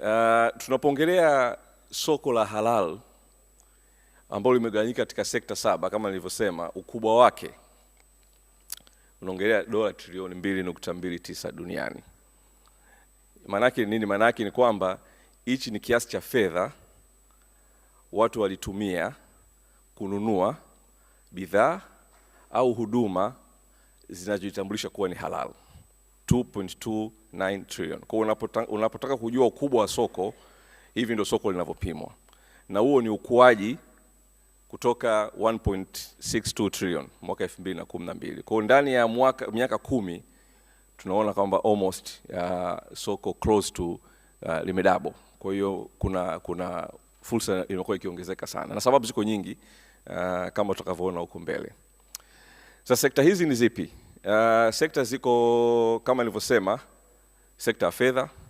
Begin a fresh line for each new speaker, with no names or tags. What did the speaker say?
Uh, tunapoongelea soko la halal ambalo limegawanyika katika sekta saba kama nilivyosema, ukubwa wake unaongelea dola trilioni mbili nukta tisa duniani. Maanake nini? Maanake ni kwamba hichi ni kiasi cha fedha watu walitumia kununua bidhaa au huduma zinazojitambulisha kuwa ni halal. 2.29 trillion. Kwa unapotaka, unapotaka kujua ukubwa wa soko, hivi ndio soko linavyopimwa, na huo ni ukuaji kutoka 1.62 trillion mwaka 2012. Kwa ndani ya mwaka, miaka kumi tunaona kwamba almost uh, soko close to uh, limedabo. Kwa hiyo kuna kuna fursa imekuwa ikiongezeka sana na sababu ziko nyingi uh, kama tutakavyoona huko mbele. Sasa sekta hizi ni zipi? Uh, sekta ziko kama nilivyosema, sekta ya fedha